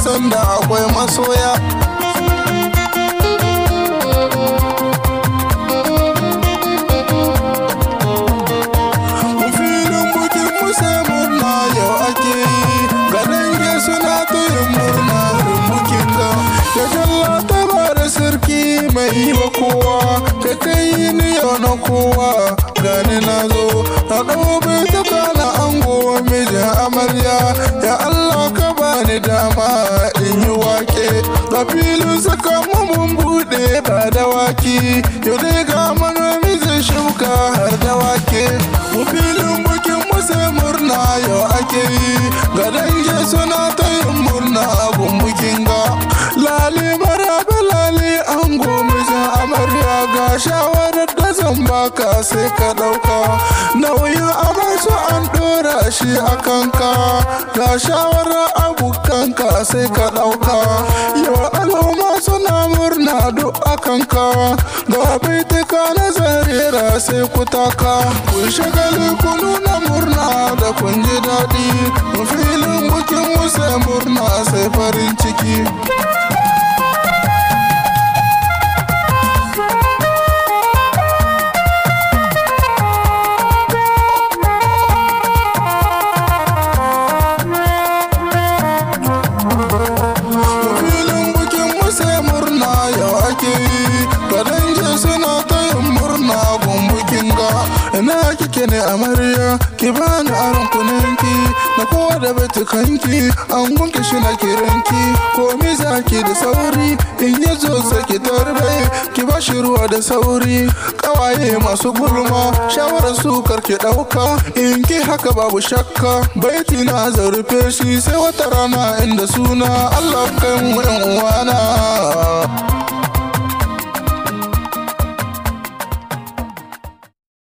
san da akwai masoya filin bikin musa yau ake yi da sarki mai kowa ni na kowa gani na zo na ɗau bai na ango mijin a filin saka mun bude ba dawaki yau dai ga manomi zai shuka har dawake mu filin bukin mu sai murna yau ake yi ga dange suna ta yin murna abun bukin ga lali maraba lali an gomi amarya ga shawarar da zan baka sai ka dauka nauyi shi a kanka ga shawarar abokanka sai ka ɗauka yawa al'umma suna murna duk a kanka ga baituka na zarera sai ku taka ku shagali ku nuna murna da kun ji daɗi filin bukin musa murna sai farin ciki ke ne amarya ki bani aron kunanki na kowa da batukanki an gunki shi na kiranki komi zaki da sauri in ya zo saki tarbe ki ba shi ruwa da sauri kawaye masu gulma shawarar su kar karki dauka in ki haka babu shakka baiti na zarfe shi sai wata rana inda suna Allah kan uwana